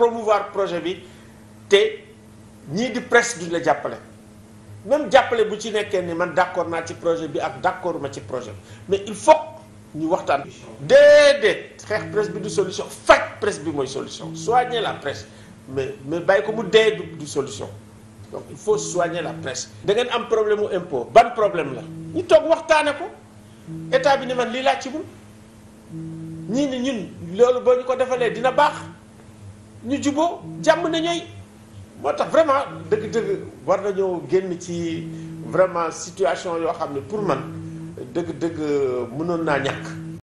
promouvoir projet bi te ñii di presse duñ la jàppale même jàppale bu ci nekkee ni man d'accord naa ci projet bi ak d'accord ma ci projet bi mais il faut ñu waxtaan déedéet xeex presse bi du solution faj presse bi mooy solution soigner la presse mais mais bàyyi ko mu dee du du solution donc il faut soigner la presse da ngeen am problème mu impôt ban problème la ñu toog waxtaane ko état bi ni man lii laa ci mun ñii ni ñun loolu boo ñu ko defalee dina baax ñu juboo jàmm na ñooy moo tax vraiment dëgg-dëgg war nañoo génn ci vraiment situation yoo xam ne pour man dëgg-dëgg mënoon naa ñàkk